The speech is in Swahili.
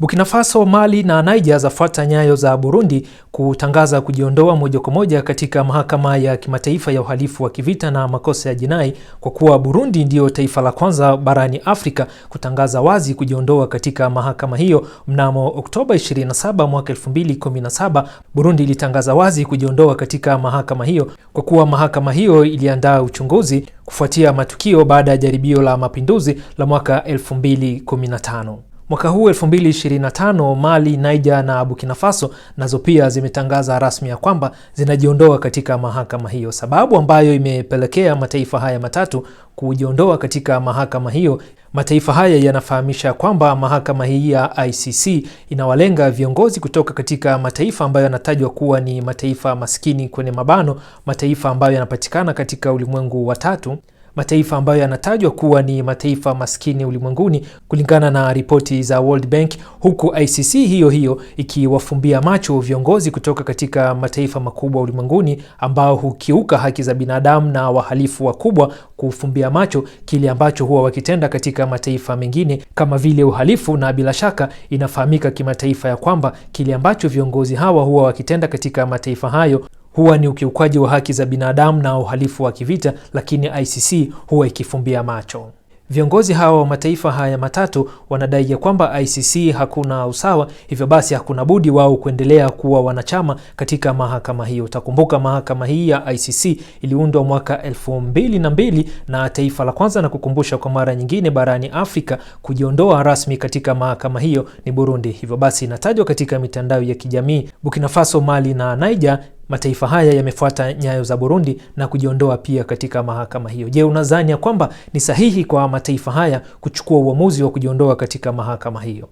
Burkina Faso, Mali na Niger zafuata nyayo za Burundi kutangaza kujiondoa moja kwa moja katika mahakama ya kimataifa ya uhalifu wa kivita na makosa ya jinai kwa kuwa Burundi ndiyo taifa la kwanza barani Afrika kutangaza wazi kujiondoa katika mahakama hiyo. Mnamo Oktoba 27 mwaka 2017, Burundi ilitangaza wazi kujiondoa katika mahakama hiyo kwa kuwa mahakama hiyo iliandaa uchunguzi kufuatia matukio baada ya jaribio la mapinduzi la mwaka 2015. Mwaka huu 2025 Mali, Niger na Burkina Faso nazo pia zimetangaza rasmi ya kwamba zinajiondoa katika mahakama hiyo, sababu ambayo imepelekea mataifa haya matatu kujiondoa katika mahakama hiyo. Mataifa haya yanafahamisha kwamba mahakama hii ya ICC inawalenga viongozi kutoka katika mataifa ambayo yanatajwa kuwa ni mataifa maskini kwenye mabano, mataifa ambayo yanapatikana katika ulimwengu wa tatu mataifa ambayo yanatajwa kuwa ni mataifa maskini ulimwenguni kulingana na ripoti za World Bank, huku ICC hiyo hiyo ikiwafumbia macho viongozi kutoka katika mataifa makubwa ulimwenguni ambao hukiuka haki za binadamu na wahalifu wakubwa kufumbia macho kile ambacho huwa wakitenda katika mataifa mengine kama vile uhalifu, na bila shaka inafahamika kimataifa ya kwamba kile ambacho viongozi hawa huwa wakitenda katika mataifa hayo huwa ni ukiukaji wa haki za binadamu na uhalifu wa kivita, lakini ICC huwa ikifumbia macho. Viongozi hawa wa mataifa haya matatu wanadai ya kwamba ICC hakuna usawa, hivyo basi hakuna budi wao kuendelea kuwa wanachama katika mahakama hiyo. Utakumbuka mahakama hii ya ICC iliundwa mwaka 2002 na na taifa la kwanza na kukumbusha kwa mara nyingine barani Afrika kujiondoa rasmi katika mahakama hiyo ni Burundi. Hivyo basi inatajwa katika mitandao ya kijamii Burkina Faso, Mali na Niger Mataifa haya yamefuata nyayo za Burundi na kujiondoa pia katika mahakama hiyo. Je, unadhani ya kwamba ni sahihi kwa mataifa haya kuchukua uamuzi wa kujiondoa katika mahakama hiyo?